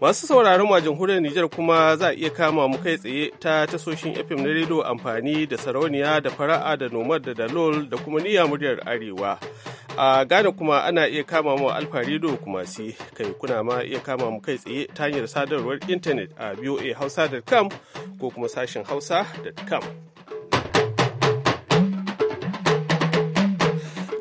Masu sauraron mu a jamhuriyar Nijar kuma za a iya kama mu kai tsaye ta tasoshin FM na rediyo amfani da sarauniya da fara'a da nomad da dalol da kuma niyya muryar arewa. A Ghana kuma ana iya kama mu alfa rediyo kuma si kai kuna ma iya kama mu kai tsaye ta hanyar sadarwar intanet a voahausa.com ko kuma sashen hausa.com.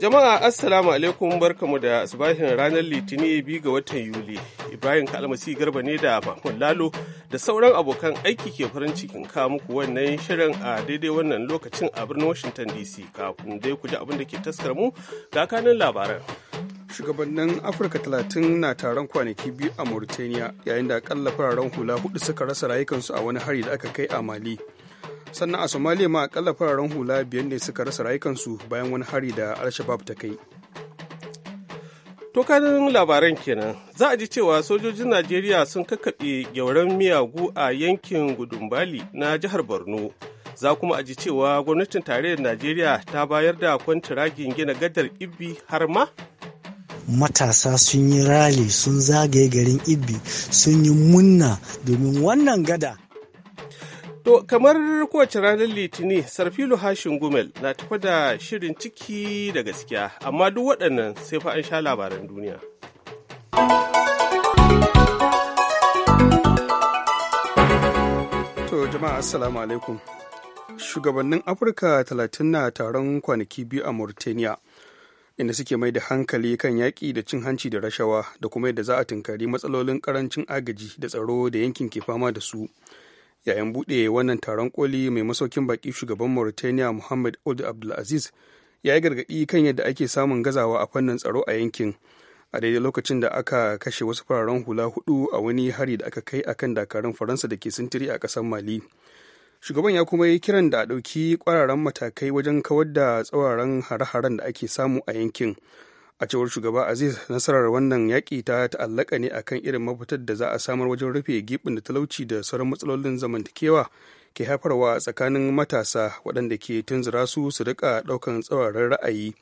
Jama'a Assalamu alaikum barkamu da asibahin ranar Litinin biyu ga watan Yuli. Ibrahim Kalmasi Garba ne da Mahmud Lalo da sauran abokan aiki ke farin cikin ka muku wannan shirin a daidai wannan lokacin a birnin Washington DC kafin dai ku ji abin da ke taskar mu ga kanin labaran. Shugabannin Afirka talatin na taron kwanaki biyu a Mauritania yayin da akalla fararen hula hudu suka rasa rayukansu a wani hari da aka kai a Mali. sannan a somaliya ma akalla fararen hula biyan ne suka rasa rayukansu bayan wani hari da al-shabab ta kai tokanin labaran kenan za a ji cewa sojojin Najeriya sun kakkaɓe gyauran miyagu a yankin Gudumbali na jihar Borno. Za kuma a ji cewa gwamnatin tarayyar Najeriya ta bayar da kwantiragin gina gadar Ibbi har ma? Matasa sun yi rali sun zagaye garin Ibbi sun yi munna domin wannan gada. To, kamar kowace ranar Litini, Sarfilu Hashin Gumel na tafi da shirin ciki da gaskiya, amma duk waɗannan sai fa an sha labaran duniya. To, jama'a Assalamu alaikum. Shugabannin Afirka talatin na taron kwanaki biyu a Mauritania, inda suke mai da hankali kan yaƙi da cin hanci da rashawa da kuma yadda za a tunkari matsalolin ƙarancin agaji da tsaro da yankin ke fama da su. yayin buɗe wannan taron koli mai masaukin baki shugaban mauritania muhammad old abdulaziz ya yi gargaɗi kan yadda ake samun gazawa a fannin tsaro a yankin a daidai lokacin da aka kashe wasu fararen hula hudu a wani hari da aka kai akan dakarun faransa da ke sintiri a ƙasar mali shugaban ya kuma yi kiran da a ɗauki ƙwararren matakai wajen kawar da tsauraran hare-haren da ake samu a yankin a cewar shugaba aziz nasarar wannan yaƙi ta ta'allaka ne akan irin mafitar da za a samar wajen rufe gibin da talauci da sauran matsalolin zamantakewa ke haifarwa tsakanin matasa waɗanda ke tunzura su su rika ɗaukan tsawarar ra'ayi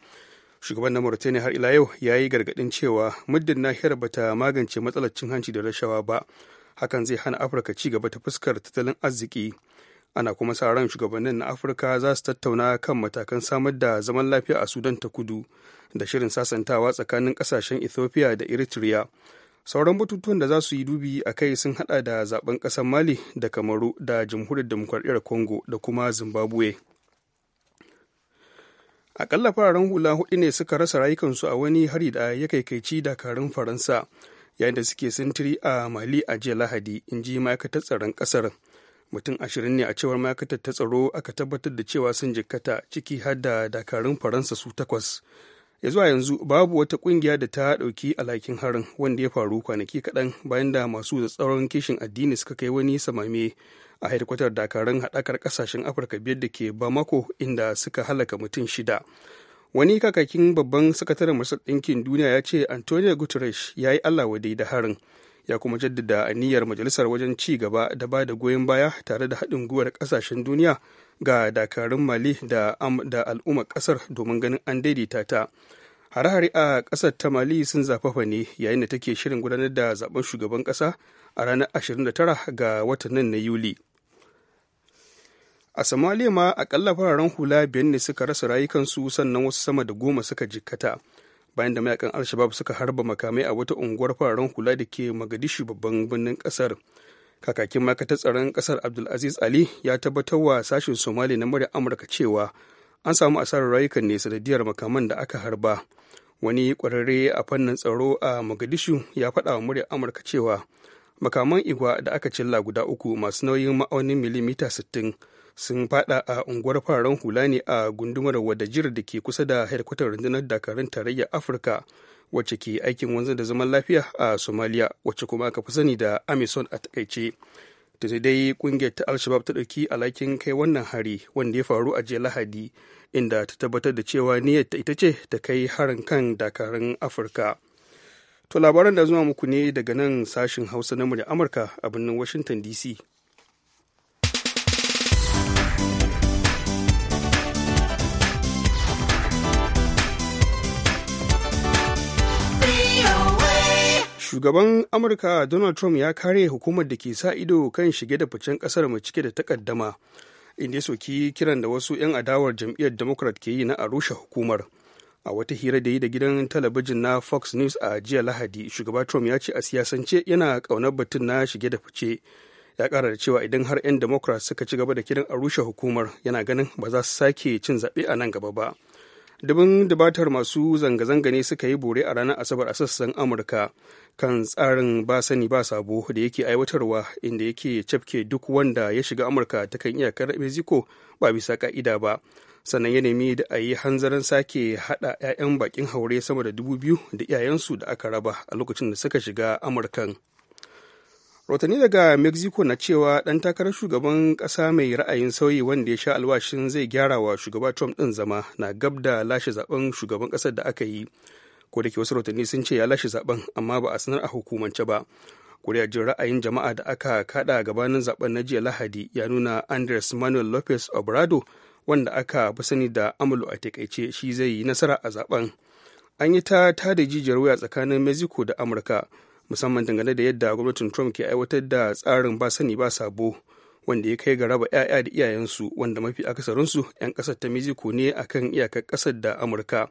shugaban na mauritania har ila yau ya yi gargaɗin cewa muddin nahiyar ba ta magance matsalar cin hanci da rashawa ba hakan zai hana afirka ci gaba ta fuskar tattalin arziki ana kuma sa ran shugabannin na afirka za su tattauna kan matakan samar da zaman lafiya a sudan ta kudu da shirin sasantawa tsakanin kasashen ethiopia da eritrea sauran batutuwan da za su yi dubi a kai sun hada da zaben kasar mali da kamaru da jamhuriyar demokradiyyar congo da kuma zimbabwe akalla fararen hula hudu ne suka rasa rayukansu a wani hari da ya kaikaici dakarun faransa yayin da suke sintiri a mali a jiya lahadi in ji ma'aikatar tsaron kasar mutum ashirin ne a cewar ma'aikatar ta tsaro aka tabbatar da cewa sun jikkata ciki har da dakarun faransa su takwas ya zuwa yanzu babu wata kungiya da ta ɗauki alhakin harin wanda ya faru kwanaki kaɗan bayan da masu da tsaron kishin addini suka kai wani samame a hedkwatar dakarun haɗakar ƙasashen afirka biyar da ke bamako inda suka halaka mutum shida wani kakakin babban sakataren masar ɗinkin duniya ya ce antonio guterres ya yi allah wadai da harin ya kuma jaddada aniyar majalisar wajen ci gaba da ba da goyon baya tare da haɗin gwiwar ƙasashen duniya ga dakarun mali da, da al'ummar ƙasar domin ganin an daidaita ta hare-hare a ƙasar ta mali sun zafafa ne yayin da take shirin gudanar da zaben shugaban ƙasa a ranar 29 ga watan nan na yuli a somalia ma akalla fararen hula biyar ne suka rasa rayukansu sannan wasu sama da goma suka jikkata bayan da mayakan alshabab suka harba makamai a wata unguwar fararen hula da ke magadishu babban birnin kasar kakakin ta tsaron kasar abdulaziz ali ya tabbatar wa sashen somali na murya amurka cewa an samu asarar rayukan ne sanadiyar makaman da aka harba wani kwararre a fannin tsaro a magadishu ya faɗa wa murya amurka cewa makaman igwa da aka cilla guda uku masu nauyin ma'aunin milimita sittin sun fada a unguwar fararen hula ne a gundumar wadajir da ke kusa da hedkwatar rundunar dakarun tarayya afirka wacce ke aikin wanzar da zaman lafiya a somalia wacce kuma aka fi sani da amison a takaice da dai kungiyar ta alshabab ta ɗauki alhakin kai wannan hari wanda ya faru a jiya lahadi inda ta tabbatar da cewa niyyar ta ita ce ta kai harin kan dakarun afirka to labaran da zuwa muku ne daga nan sashin hausa na murya amurka a birnin washington dc shugaban amurka donald trump ya kare hukumar da ke sa ido kan shige da ficen kasar mai cike da takaddama inda ya soki kiran da wasu 'yan adawar jam'iyyar democrat ke yi na a rushe hukumar a wata hira da yi da gidan talabijin na fox news a jiya lahadi shugaba trump ya ce a siyasance yana kaunar batun na shige da fice ya kara da cewa idan har 'yan democrat suka ci gaba da kiran a rushe hukumar yana ganin ba za su sake cin zaɓe a nan gaba ba dubin dubatar masu zanga-zanga ne suka yi bore a ranar asabar a sassan amurka kan tsarin ba sani ba sabo da yake aiwatarwa inda yake cafke duk wanda ya shiga amurka ta kan iyakar Meziko ba bisa ka'ida ba sannan ya nemi da a yi hanzarin sake hada 'ya'yan bakin haure sama da dubu biyu da iyayensu da aka raba a lokacin da suka shiga amurkan rotani daga mexico na cewa ɗan takarar shugaban ƙasa mai ra'ayin sauyi wanda ya sha alwashin zai gyara wa shugaba trump ɗin zama na gab da lashe zaben shugaban ƙasar da aka yi ko da ke wasu rotani sun ce ya lashe zaben amma ba a sanar a hukumance ba jin ra'ayin jama'a da aka kada gabanin zaben na jiya lahadi ya nuna andres manuel lopez obrado wanda aka fi sani da amalo a takaice shi zai yi nasara a zaben an yi ta tada jijiyar waya tsakanin mexico da amurka musamman dangane da yadda gwamnatin trump ke aiwatar da tsarin ba sani ba sabo wanda ya kai ga raba 'ya'ya da iyayensu wanda mafi akasarinsu 'yan kasar ta mexico ne akan iyakar kasar da amurka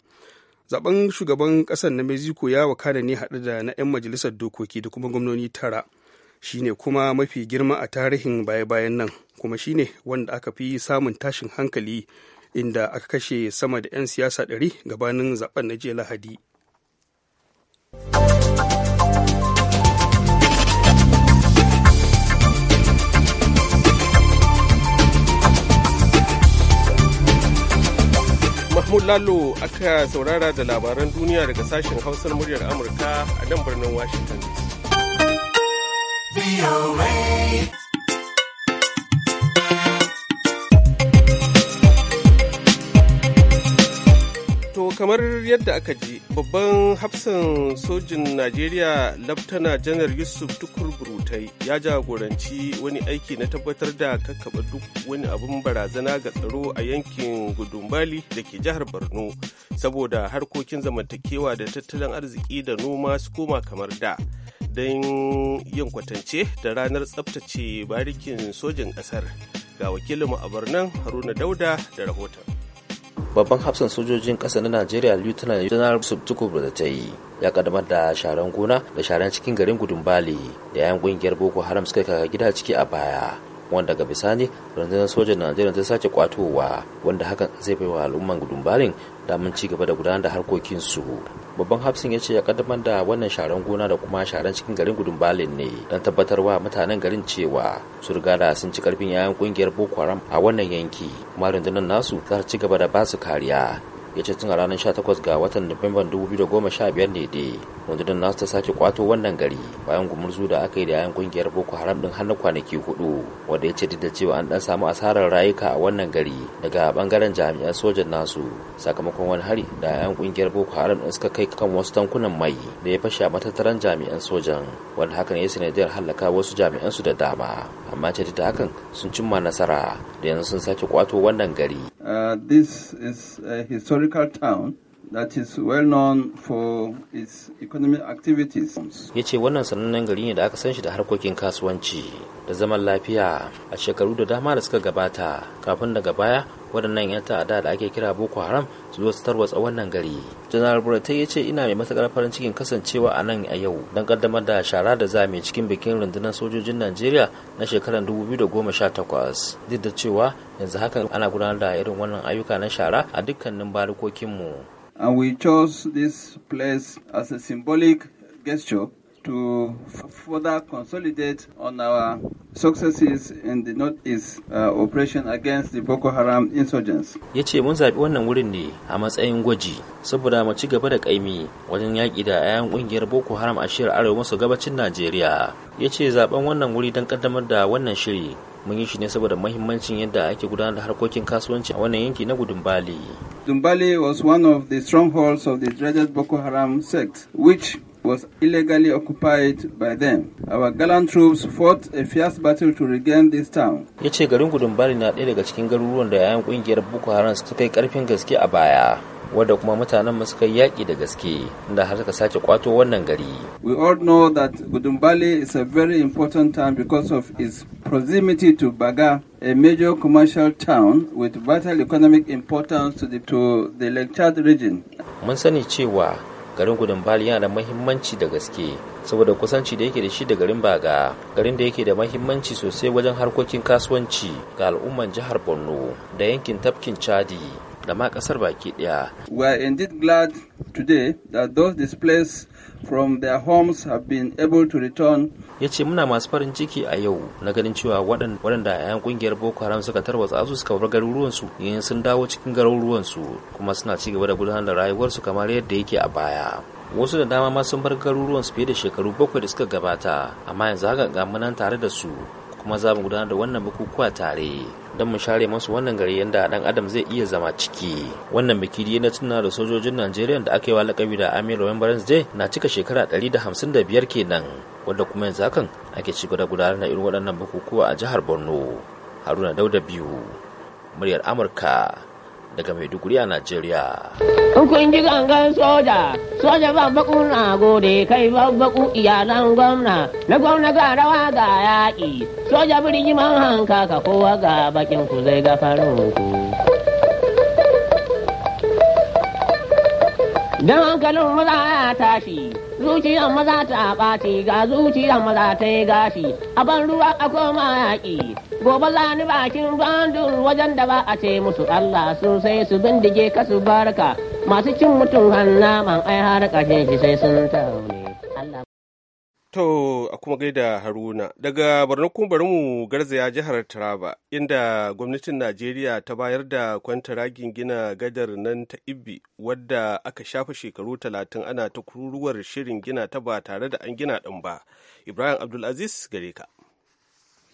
zaben shugaban kasar na mexico ya wakana ne haɗu da na 'yan majalisar dokoki da kuma gwamnoni tara shine kuma mafi girma a tarihin baya-bayan nan kuma shine wanda aka fi samun tashin hankali inda aka kashe sama da 'yan siyasa 100 gabanin zaben na jiya lahadi Mahmud Lalo aka saurara da labaran duniya daga sashen hausar muryar Amurka a nan birnin Washington kamar yadda aka ji babban hafsan sojin najeriya laftana janar yusuf tukur burutai ya jagoranci wani aiki na tabbatar da kakkaɓa duk wani abin barazana ga tsaro a yankin gudumbali da ke jihar borno saboda harkokin zamantakewa da tattalin arziki da noma su koma kamar da don yin kwatance da ranar tsabtace barikin sojin ƙasar ga wakilinmu a haruna dauda da rahoton babban hafsan sojojin ƙasa na najeriya lieutenant general subtuku da ta yi ya kaddamar da sharan gona da sharan cikin garin gudun bali da yayan ƙungiyar boko haram suka kaga gida ciki a baya wanda daga bisani rundunar sojan najeriya ta sake kwatowa wanda hakan zai baiwa al'umman gudunbarin damar ci gaba da gudanar da harkokinsu babban hafsin ya ce ya kaddamar da wannan sharan gona da kuma sharan cikin garin gudunbalin ne don tabbatarwa mutanen garin cewa su riga da sun ci karfin yayan kungiyar boko haram a wannan yanki kuma rundunar nasu za ci gaba da basu kariya ya ce tun a ranar 18 ga watan nuwamban 2015 ne dai rundunar nasu ta sake kwato wannan gari bayan gumurzu da aka yi da yayan kungiyar boko haram din har kwanaki hudu wanda ya ce duk da cewa an dan samu asarar rayuka a wannan gari daga bangaren jami'an sojan nasu sakamakon wani hari da yayan kungiyar boko haram din suka kai kan wasu tankunan mai da ya fashe a matattaran jami'an sojan wanda hakan ya sanadiyar halaka wasu jami'an su da dama amma ce da hakan sun cimma nasara da yanzu sun sake kwato wannan gari. Uh, this is a historical town that is well known for its economic activities. Ya ce wannan sanannen gari ne da aka san shi da harkokin kasuwanci da zaman lafiya a shekaru da dama da suka gabata kafin daga baya wadannan 'yan ta'adda da ake kira Boko Haram su zo su tarwatsa wannan gari. janaral Buratai ya ce ina mai matuƙar farin cikin kasancewa a nan a yau don kaddamar da shara da za zame cikin bikin rundunar sojojin Najeriya na shekarar 2018 duk da cewa yanzu hakan ana gudanar da irin wannan ayyuka na shara a dukkanin barikokinmu. And we chose this place as a symbolic gesture to further consolidate on our successes in the northeast uh, operation against the Boko Haram insurgents. Ya ce mun zaɓi wannan wurin ne a matsayin gwaji saboda mu ci gaba da ƙaimi wajen yaƙi da 'ya'yan ƙungiyar Boko Haram a shiyar arewa maso gabacin Najeriya. Ya ce zaɓen wannan wuri don ƙaddamar da wannan shiri mun yi shi ne saboda mahimmancin yadda ake gudanar da harkokin kasuwanci a wannan yanki na gudun bali Dumbali was one of the strongholds of the dreaded Boko Haram sect, which was illegally occupied by them. Our gallant troops fought a fierce battle to regain this town. Ya ce garin Gudumbari na ɗaya daga cikin garuruwan da 'ya'yan ƙungiyar Boko Haram suka kai ƙarfin gaske a baya. wadda kuma mutanen suka yaki da gaske inda har suka sake kwato wannan gari. We all know that budumbale is a very important town because of its proximity to Baga, a major commercial town with vital economic importance to the, to the Lake Chad region. Mun sani cewa garin gudumbale yana da mahimmanci da gaske saboda kusanci da yake da shi da garin baga garin da yake da mahimmanci sosai wajen harkokin kasuwanci ga al'umman jihar borno da yankin tafkin chadi da ma kasar baki daya. We are indeed glad today that those displaced from their homes have been able to return. Ya ce muna masu farin ciki a yau na ganin cewa waɗanda 'ya'yan ƙungiyar Boko Haram suka tarwatsa su suka bar garuruwansu yayin sun dawo cikin garuruwansu kuma suna ci gaba da gudanar da rayuwarsu kamar yadda yake a baya. wasu da dama ma sun bar garuruwansu fiye da shekaru bakwai da suka gabata amma yanzu haka ga tare da su kuma za mu gudanar da wannan bukukuwa tare don mu share masu wannan gari yadda dan adam zai iya zama ciki wannan biki dai na tuna da sojojin najeriya da aka yi wa lakabi da army remembrance day na cika shekara 155 kenan wadda kuma yanzu hakan ake ci gaba da gudanar da irin waɗannan bukukuwa a jihar borno haruna dauda biyu muryar amurka daga Maiduguri a Najeriya. Kun ji gangan soja, soja ba baku na gode kai ban baku iyalan gwamna, na gwamna ga rawa ga yaƙi, soja birni man hanka ka kowa ga bakin ku zai gafarin ku. Don hankalin maza ya tashi, zuciyar maza ta ɓaci ga zuciyar maza ta yi gashi, a ban ruwa a koma yaƙi. gobe lani bakin bandun wajen da ba a ce musu Allah sosai su bindige ka su barka masu cin mutum hannaman ai har kashe shi sai sun taune. To a kuma gaida Haruna daga Borno kuma bari mu garzaya jihar Taraba inda gwamnatin Najeriya ta bayar da kwantaragin gina gadar nan ta Ibbi wadda aka shafa shekaru talatin ana ta kururuwar shirin gina ta ba tare da an gina ɗin ba. Ibrahim Abdulaziz gare ka.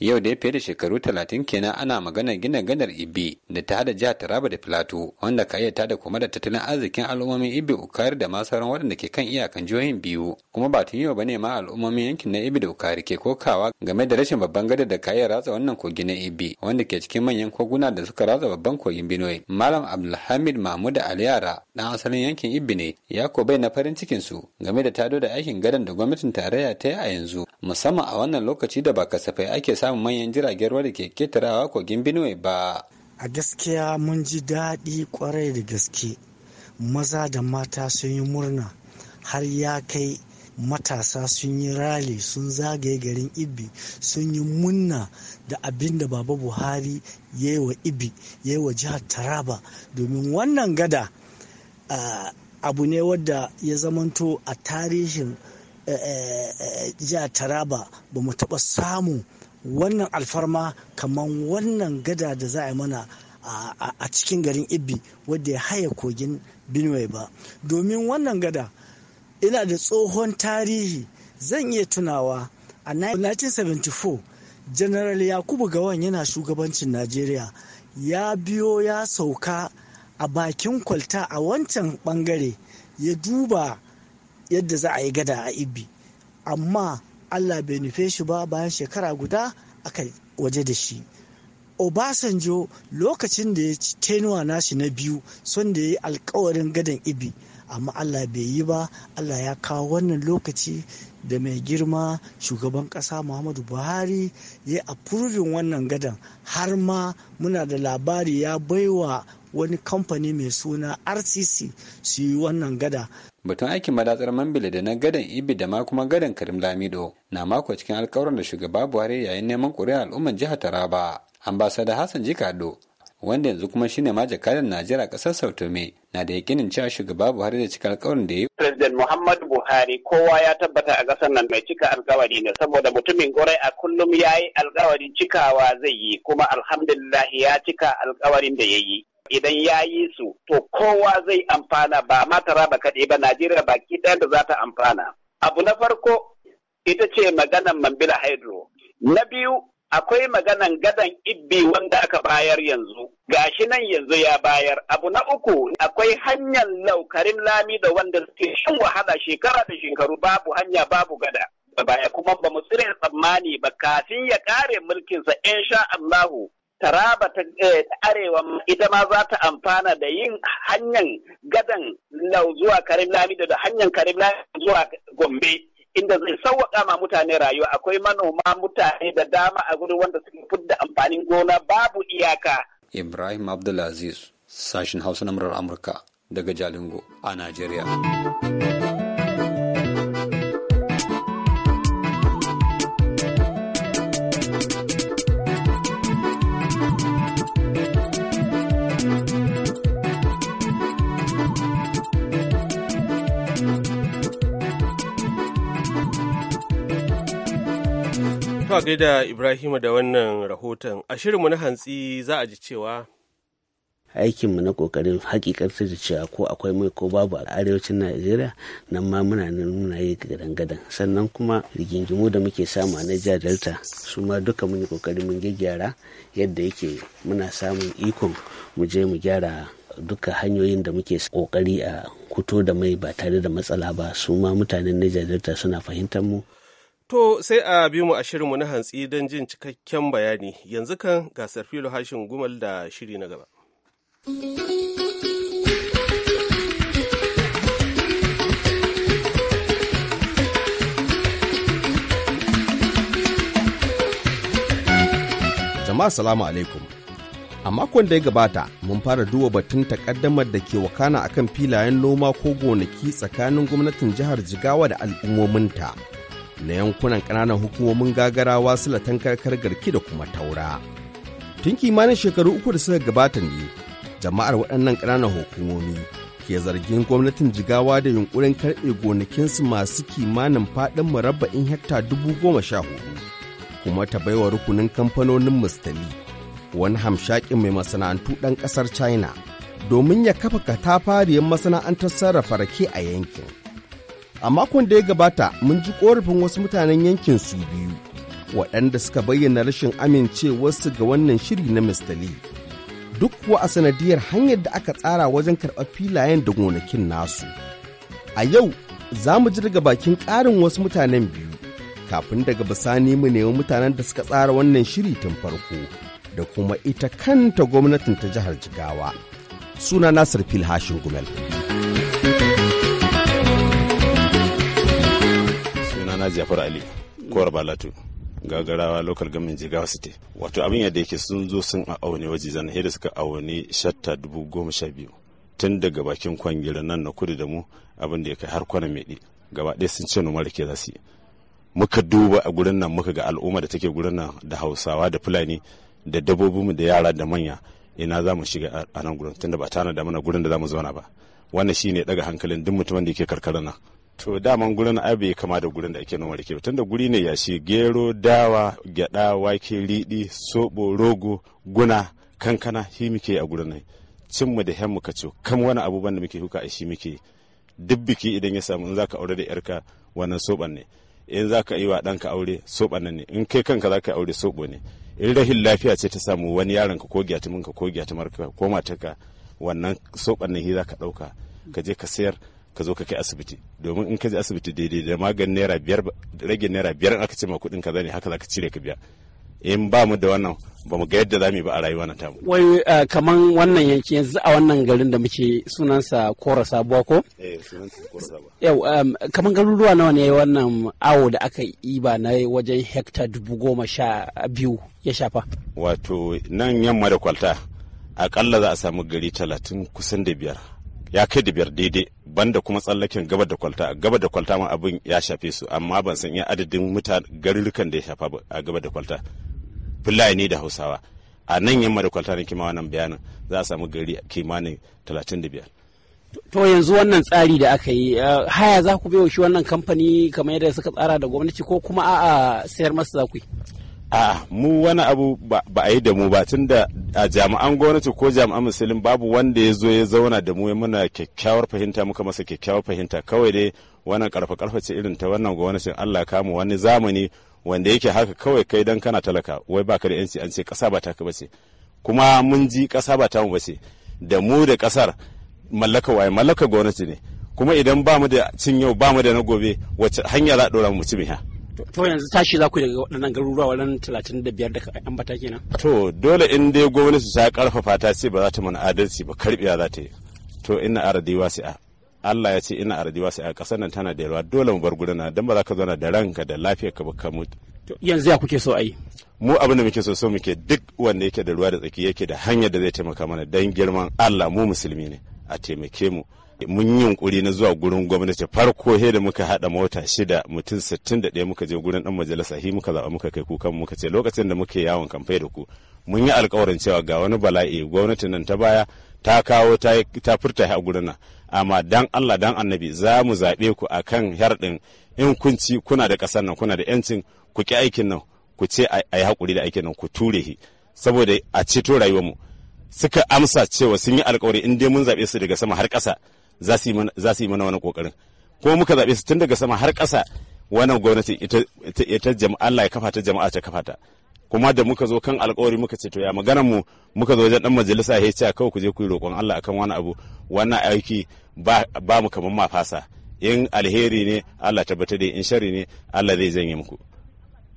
yau da ya fiye da shekaru talatin kenan ana maganar gina ganar ibi da ta hada jihar taraba da filato wanda ka iya tada kuma da tattalin arzikin al'ummomin ibi ukari da masaran wadanda waɗanda ke kan iyakan jihohin biyu kuma ba tun yau bane ma al'ummomin yankin na ibi da ukari ke kokawa game da rashin babban gadar da ka iya ratsa wannan kogi na ibi wanda ke cikin manyan koguna da suka ratsa babban kogin benue malam abdulhamid mahmud aliyara dan asalin yankin ibi ne ya ko bai na farin cikin su game da tado da aikin gadan da gwamnatin tarayya ta yi a yanzu musamman a wannan lokaci da ba kasafai ake samu samun manyan jiragen ruwa da ke ketarawa kogin Benue ba. A gaskiya mun ji daɗi kwarai da gaske maza da mata sun yi murna har ya kai matasa sun yi rali sun zagaye garin ibi sun yi munna da abin da baba buhari ya yi wa ibi ya yi wa jihar taraba domin wannan gada abu ne wadda ya zamanto a tarihin eh, eh, eh, jihar taraba ba mu taɓa samu. wannan alfarma kamar wannan gada da za a mana a cikin garin Ib'i wadda ya haye kogin benue ba domin wannan gada ina da tsohon tarihi zan iya tunawa a 1974 general yakubu gawan yana shugabancin najeriya ya biyo ya sauka a bakin kwalta a wancan bangare ya duba yadda za a yi gada a ibi amma Allah bai nufe shi ba bayan shekara guda aka waje da shi Obasanjo lokacin da ya ci tenuwa nashi na biyu son da ya yi alkawarin gadon ibi amma Allah bai yi ba Allah ya kawo wannan lokaci da mai girma shugaban ƙasa Muhammadu Buhari ya yi approving wannan gadon har ma muna da labari ya baiwa wani kamfani mai suna rcc su yi wannan gada batun aikin madatsar mambila da na gadan ibi da ma kuma gadan karim lamido na mako cikin alkawarin da shugaba buhari yayin neman kuri'a al'ummar jihar taraba ambasada hassan jikado wanda yanzu kuma shine ma jakadan najeriya kasar sau tome na da yakinin cewa shugaba buhari da cika alkawarin da ya yi president muhammadu buhari kowa ya tabbata a kasar nan mai cika alkawari ne saboda mutumin gurai a kullum ya yi alkawarin cikawa zai yi kuma alhamdulillah ya cika alkawarin da ya yi idan ya yi su to kowa zai amfana ba matara ba kaɗai ba Najeriya baki ɗaya da za ta amfana. Abu na farko ita ce maganan Mambila Hydro. Na biyu akwai maganan gadan ibbi wanda aka bayar yanzu gashi nan yanzu ya bayar abu na uku akwai hanyar laukarin lami da wanda suke shan wahala shekara da shekaru babu hanya babu gada baya kuma ba mu tsire tsammani ba kafin ya kare mulkinsa in sha Allahu Taraba eh, ta arewa ita ma za ta amfana da yin hanyar gadan lau zuwa Karim Lamido da hanyar Karim Lamido zuwa Gombe. Inda zai sauwaka ma mutane rayuwa akwai manoma mutane da dama a gudu wanda suke fudda amfanin gona babu iyaka. Ibrahim Abdulaziz, sashen Hausa na murar Amurka daga Jalingo a Najeriya. To gaida Ibrahimu da wannan rahoton. A shirinmu na hantsi za a ji cewa aikinmu na kokarin hakikarta da cewa ko akwai mai ko babu a arewacin najeriya nan ma muna nuna yi gadan-gadan sannan kuma rigingimu da muke samu a najajarta delta su ma duka mun yi kokarin mun gyara yadda yake muna samun ikon mu je mu gyara duka hanyoyin da muke kokari a kuto da mai ba tare da matsala ba su ma mutanen najajarta delta suna fahimtar mu To sai a bi mu a shirinmu na hantsi don jin cikakken bayani yanzu kan gasar filo hashin gumal da shiri na gaba. Jama'a salamu alaikum. A makon da ya gabata mun fara duba batun takaddamar da ke wakana akan filayen noma ko gonaki tsakanin gwamnatin jihar Jigawa da al'ummominta. na yankunan ƙananan hukumomin gagarawa silatan karkar garki da kuma taura tun kimanin shekaru uku da suka gabata ne jama'ar waɗannan ƙananan hukumomi ke zargin gwamnatin jigawa da yunƙurin karɓe gonakinsu masu kimanin faɗin murabba'in hekta dubu goma sha hudu kuma ta baiwa rukunin kamfanonin mustali wani hamshakin mai masana'antu ɗan ƙasar china domin ya kafa katafariyar masana'antar sarrafa rake a yankin a makon da ya gabata mun ji korafin wasu mutanen yankin su biyu waɗanda suka bayyana rashin amincewarsu ga wannan shiri na Mr. Lee. Duk kuwa a sanadiyar hanyar da aka tsara wajen karɓar filayen da gonakin nasu. A yau za mu jirga bakin ƙarin wasu mutanen biyu kafin daga bisani mu nemi mutanen da suka tsara wannan shiri tun farko da kuma ita kanta gwamnatin ta jihar Jigawa. Suna Nasir Fil Hashin Gumel. na jafar ali kowar balatu gagarawa local government jigawa city wato abin yadda yake sun zo sun a auni waje zan da suka auni shatta dubu goma sha biyu tun daga bakin kwangira nan na kudu da mu abin da ya kai har kwana meɗi gaba ɗaya sun ce noma rake za su yi muka duba a gurin nan muka ga al'umma da take gurin nan da hausawa da fulani da mu da yara da manya ina za mu shiga a nan gurin tunda ba tana da mana gurin da za mu zauna ba wannan shine daga hankalin duk mutumin da yake karkara nan to daman gurin abe kama da gurin da ake noma rake da guri ne yashi gero dawa gyada wake riɗi soɓo rogo guna kankana shi muke a gurin nan cin mu da ka kace kam wani abubuwan da muke huka a shi muke duk biki idan ya samu in zaka aure da yarka wannan soban ne in zaka yi wa ɗanka aure soban ne in kai kanka zaka aure soɓo ne in rahin lafiya ce ta samu wani yaron ka ko ta ko ka ko matarka wannan soban nan shi zaka ɗauka ka je ka sayar ka zo ka kai asibiti domin in ka je asibiti daidai da maganin naira biyar rage naira biyar aka ce ma kuɗin kaza ne haka za ka cire ka biya in ba mu da wannan ba mu ga yadda za mu yi ba a rayuwa na tamu. Wai eh, kaman wannan yanki yanzu a wannan garin da muke sunansa Kora Sabuwa ko? Eh, Yau um, kaman garuruwa nawa ne wannan awo da aka yi ba na wajen hekta dubu goma sha biyu ya shafa? Wato nan yamma da kwalta akalla za a samu gari talatin kusan da biyar ya kai da biyar daidai banda kuma tsallaken gaba da kwalta gaba da kwalta ma abin ya shafe su amma ban san iya adadin mutane garurukan da ya shafa a gaba da kwalta fulani ne da hausawa a nan yamma da kwalta ne kima wannan bayanin za a samu gari kimanin talatin da biyar to yanzu wannan tsari da aka yi eh, haya za ku biyo shi wannan kamfani kamar yadda suka tsara da gwamnati ko kuma a'a sayar masa za ku yi a mu wani abu ba a yi da mu ba tun da a jami'an gwamnati ko jami'an musulun babu wanda ya zo ya zauna da mu ya muna kyakkyawar fahimta muka masa kyakkyawar fahimta kawai dai wannan karfa karfa ce irin ta wannan gwamnatin Allah kamu wani zamani wanda yake haka kawai kai dan kana talaka wai baka da yanci an ce kasa ba taka bace kuma mun ji kasa ba tamu bace da mu da kasar mallaka waye mallaka gwamnati ne kuma idan ba mu da cin yau ba mu da na gobe wacce hanya za a dora mu ci biya to yanzu tashi za ku daga waɗannan garuruwa nan talatin da biyar da ambata kenan. to dole in dai gwamnati ta karfafa ta ce ba za ta mana adalci ba karbiya za ta yi to ina aradi wasi'a Allah ya ce ina aradi wasi'a ƙasar nan tana da yawa dole mu bar gudana don ba za ka zauna da ranka da lafiyar ka ba ka mutu. yanzu ya kuke so a yi. mu abin da muke so so muke duk wanda yake da ruwa da tsaki yake da hanyar da zai taimaka mana don girman Allah mu musulmi ne a taimake mu. mun yi yunkuri na zuwa gurin gwamnati farko he da muka hada mota shida mutum sittin da ɗaya muka je gurin ɗan majalisa hi muka zaɓa muka kai kukan muka ce lokacin da muke yawon kamfai da ku mun yi alkawarin cewa ga wani bala'i gwamnatin nan ta baya ta kawo ta furta a gurin nan amma dan Allah dan annabi za mu zaɓe ku a kan yarɗin in kun ci kuna da ƙasar nan kuna da 'yancin ku ki aikin nan ku ce a yi haƙuri da aikin nan ku ture shi saboda a ceto rayuwarmu suka amsa cewa sun yi alkawari in dai mun zaɓe su daga sama har ƙasa za su yi mana wani kokarin ko muka zaɓe su tun daga sama har ƙasa wannan gwamnati ita jama'a Allah ya kafa ta jama'a ta kafa ta kuma da muka zo kan alkawari muka ce to ya maganar mu muka zo wajen dan majalisa ya ce kawai ku je ku yi roƙon Allah akan wani abu wannan aiki ba mu kaman ma fasa in alheri ne Allah tabbata da in shari ne Allah zai janye muku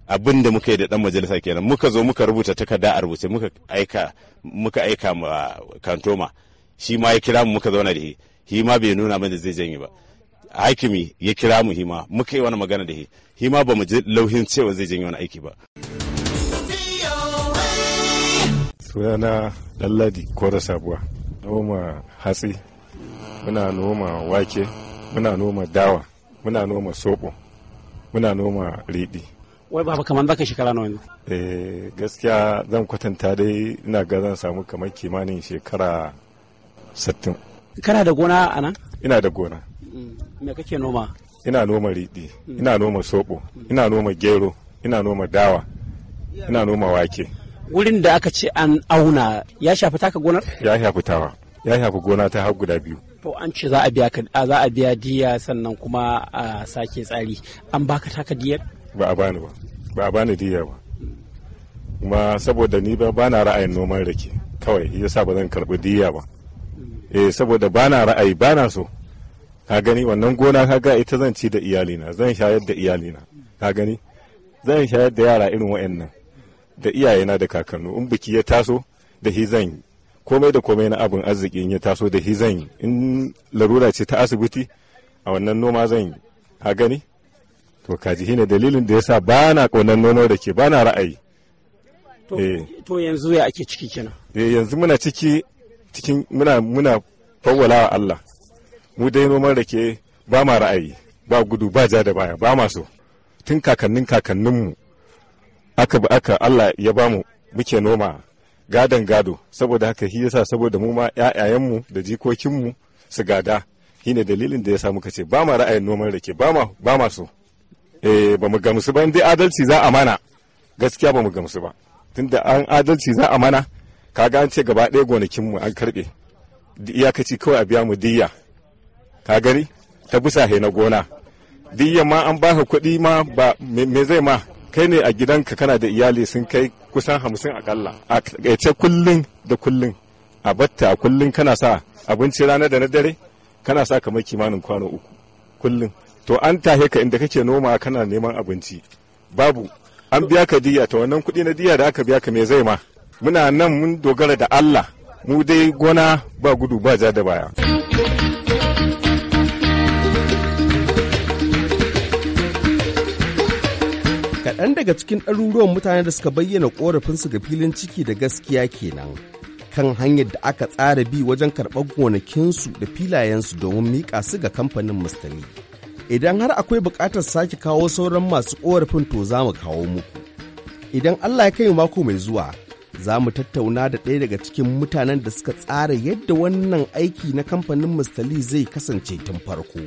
abin da muka yi da dan majalisa kenan muka zo muka rubuta takarda a rubuce muka aika muka aika ma kantoma shi ma ya kira mu muka zauna da shi hima bai nuna mana zai janye ba hakimi ya kira mu hima muka yi wani magana da shi hima ba mu ji lauhin cewa zai janye wani aiki ba lalladi dalladi da sabuwa noma hatsi muna noma wake muna noma dawa muna noma soɓo muna noma riɗi wai baba kamar zaka shekara nawa ne. eh gaskiya zan kwatanta dai ina ga zan samu kamar kimanin shekara sittin Kana da gona a nan? Ina da gona. Mm. Me kake noma? Ina noma riɗi, ina noma soɓo, ina noma gero, ina noma dawa, ina noma wake. Wurin da aka ce an auna ya shafi taka gonar? Ya shafi tawa. ya shafi gona ta har guda biyu. To an ce za a biya diya sannan kuma a sake tsari an baka taka diyar? Ba a bani ba ba a bani diya ba. Kuma saboda ni ba na ra'ayin noman rake kawai yasa ba zan karɓi diya ba. eh saboda bana ra'ayi bana so ka gani wannan gona ka ga ita zan ci da iyalina zan shayar da iyalina ka gani zan shayar da yara irin wa'annan da iyayena da kakannu in biki ya taso da shi zan yi komai da komai na abin arziki in ya taso da shi zan yi in larura ce ta asibiti a wannan noma zan yi ka gani to kaji shine dalilin da yasa ba na ƙaunar nono da ke ba na ra'ayi eh. to yanzu ya ake ciki kenan eh yanzu muna ciki cikin muna muna fawwala wa Allah mu dai noman rake ba ma ra'ayi ba gudu ba ja da baya ba ma so tun kakannin kakanninmu aka ba aka Allah ya bamu muke noma gadon gado saboda haka shi yasa saboda mu ma mu da jikokinmu su gada shine dalilin da yasa muka ce ba ma ra'ayin noman rake ba ma ba ma so eh ba mu gamsu ba dai adalci za a mana gaskiya ba mu gamsu ba tunda an adalci za a mana kaga an ce gaba ɗaya gonakin mu an karɓe iyakaci kawai a biya mu diyya ka gani ta bisa na gona diyya ma an baka kuɗi ma ba me zai ma kai ne a gidanka kana da iyali sun kai kusan hamsin akalla a kaice kullum da kullum a batta kullum kana sa abinci rana da na dare kana sa kamar kimanin kwano uku kullum to an tahe ka inda kake noma kana neman abinci babu an biya ka diya ta wannan kuɗi na diya da aka biya ka me zai ma muna nan mun dogara da Allah mu dai gona ba gudu ba ja da baya. Kaɗan daga cikin ɗaruruwan mutane da suka bayyana ƙorafinsu ga filin ciki da gaskiya kenan kan hanyar da aka tsara bi wajen karɓar gonakinsu da filayensu domin miƙa su ga kamfanin mustali. Idan har akwai buƙatar sake kawo sauran masu ƙorafin to za mu kawo muku. Idan Allah ya kai mako mai zuwa za mu tattauna da ɗaya daga cikin mutanen da suka tsara yadda wannan aiki na kamfanin mustali zai kasance tun farko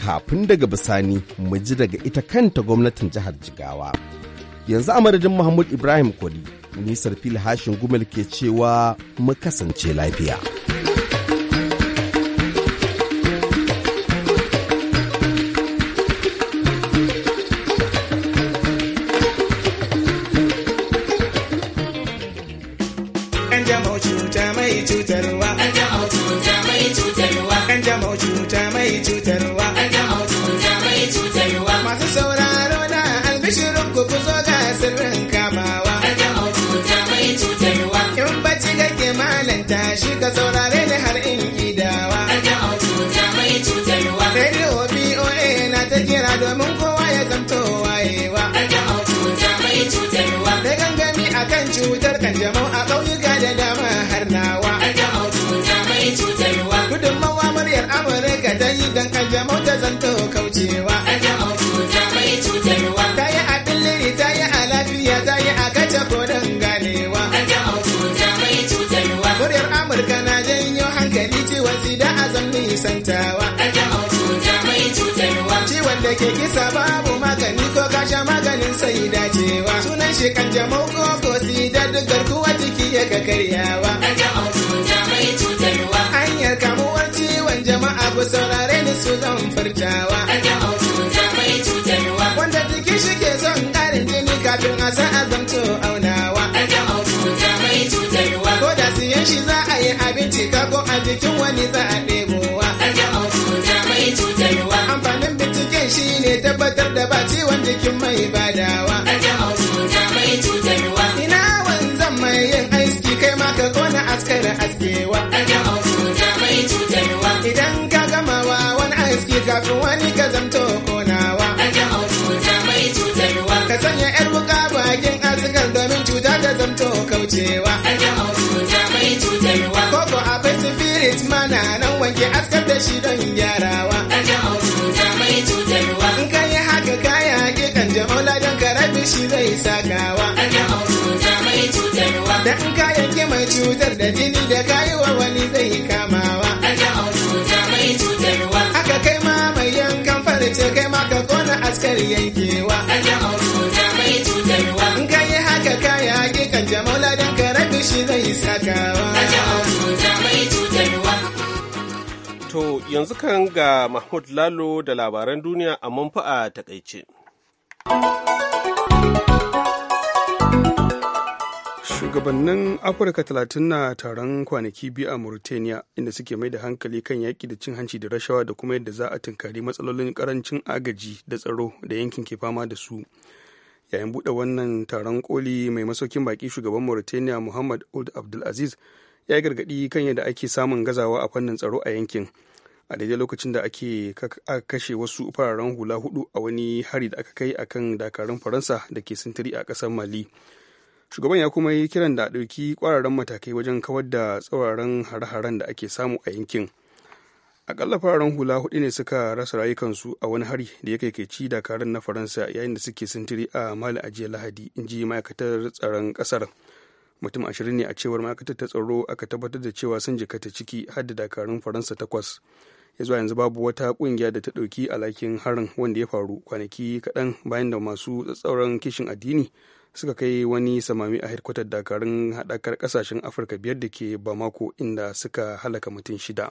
kafin daga bisani mu ji daga ita kanta gwamnatin jihar jigawa yanzu a madadin mahmud ibrahim kwadi nisar fil hashin gumel ke cewa mu kasance lafiya. hutawa ciwon da ke kisa babu magani ko kasha maganin sai dacewa sunan shi kan jama'u ko ko da duk garkuwa jiki ya ka karyawa hanyar kamuwar ciwon jama'a ku saurare ni su zan furtawa wanda jiki shi ke son karin jini kafin a sa azamto aunawa ko da siyan shi za a yi abinci kako a jikin wani za a ɗebo shi ne tabbatar da ba ciwon jikin mai badawa. Ina wanzan mai yin aiki kai ma ka kona askara askewa. Idan ka wa wani aiki kafin wani ka zamto konawa. Ka sanya yar wuka bakin asigar domin cuta ta zamto kaucewa. Ƙaddamar cuta mai cutarwa. Koko akwai spirit mana nan wanke askar da shi don gyarawa. shi zai sakawa dan ka yanke mai cutar da jini da kayuwa wani zai kamawa haka kai ma mai yankan farce kai ma ka kona askar yankewa in ka yi haka kaya hakikan jama'a dan ka rabi shi zai sakawa To yanzu kan ga Mahmud Lalo da labaran duniya a manfa a takaice. shugabannin afirka talatin na taron kwanaki biyu a mauritania inda suke mai da hankali kan yaƙi da cin hanci da rashawa da kuma yadda za a tunkari matsalolin karancin agaji da tsaro da yankin ke fama da su yayin buɗe wannan taron koli mai masaukin baki shugaban mauritania muhammad old abdulaziz ya gargaɗi kan yadda ake samun gazawa a fannin tsaro a yankin a daidai lokacin da ake kashe wasu fararen hula hudu a wani hari da aka kai akan dakarun faransa da ke sintiri a ƙasar mali shugaban ya kuma yi kiran da a ɗauki ƙwararren matakai wajen kawar da tsauraran hare-haren da ake samu a yankin akalla fararen hula hudu ne suka rasa rayukansu a wani hari da ya kaikaici dakarun na faransa yayin da suke sintiri a mali a jiya lahadi in ji ma'aikatar tsaron kasar mutum ashirin ne a cewar ma'aikatar ta tsaro aka tabbatar da cewa sun jikata ciki har da dakarun faransa takwas ya zuwa yanzu babu wata kungiya da ta ɗauki alhakin harin wanda ya faru kwanaki kaɗan bayan da masu tsatsauran kishin addini suka kai wani samami a hirkutar dakarun haɗakar kasashen afirka biyar da ke bamako inda suka halaka mutum shida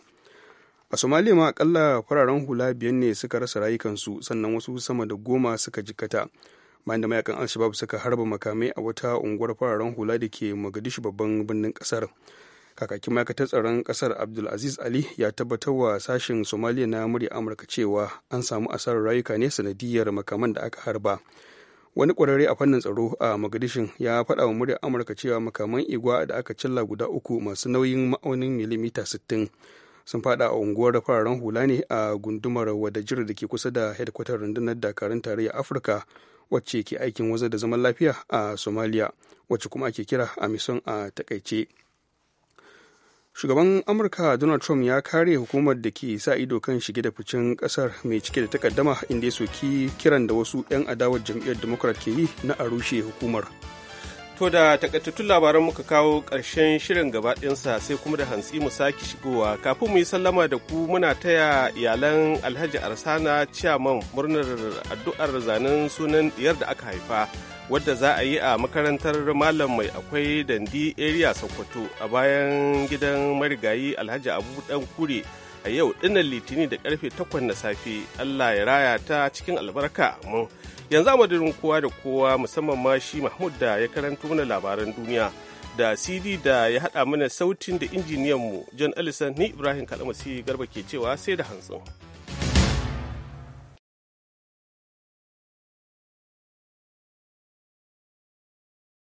a somaliya ma akalla fararen hula biyar ne suka rasa rayukansu sannan wasu sama da goma suka jikata bayan da mayakan alshabab suka harba makamai a wata unguwar fararen hula da ke mogadishu babban birnin kasar kakakin ma'aikatar tsaron kasar abdulaziz ali ya tabbatar wa sashen somaliya na murya amurka cewa an samu asarar rayuka ne sanadiyar makaman da aka harba wani kwararre a fannin tsaro a magadishin ya faɗa wa muryar amurka cewa makaman igwa da aka cilla guda uku masu nauyin ma'aunin milimita 60 sun faɗa a unguwar fararen hula ne a gundumar wadajir da ke kusa da hedkwatar rundunar dakarun tarayya afirka wacce ke aikin waza da zaman lafiya a somalia wacce kuma ake kira amison a takaice shugaban amurka donald trump ya kare hukumar da ke sa ido kan shige da ficen kasar mai cike da takaddama inda ya soki kiran da wasu 'yan adawar jam'iyyar democrat ke yi na a rushe hukumar to da takaitattun labaran muka kawo ƙarshen shirin gabaɗinsa sai kuma da hantsi mu sake shigowa kafin mu yi sallama da ku muna taya iyalan alhaji arsana ciyaman murnar addu'ar zanen sunan diyar da aka haifa wadda za a yi a makarantar malam mai akwai dandi area sokoto a bayan gidan marigayi alhaji abu dan kure a yau dinnan litini da karfe 8 na safe allah ya raya ta cikin albarka mu yanzu a madadin kowa da kowa musamman ma shi mahmud da ya karanto mana labaran duniya da cd da ya haɗa mana sautin da injiniyanmu john ellison ni ibrahim kalamasi garba ke cewa sai da hantsin.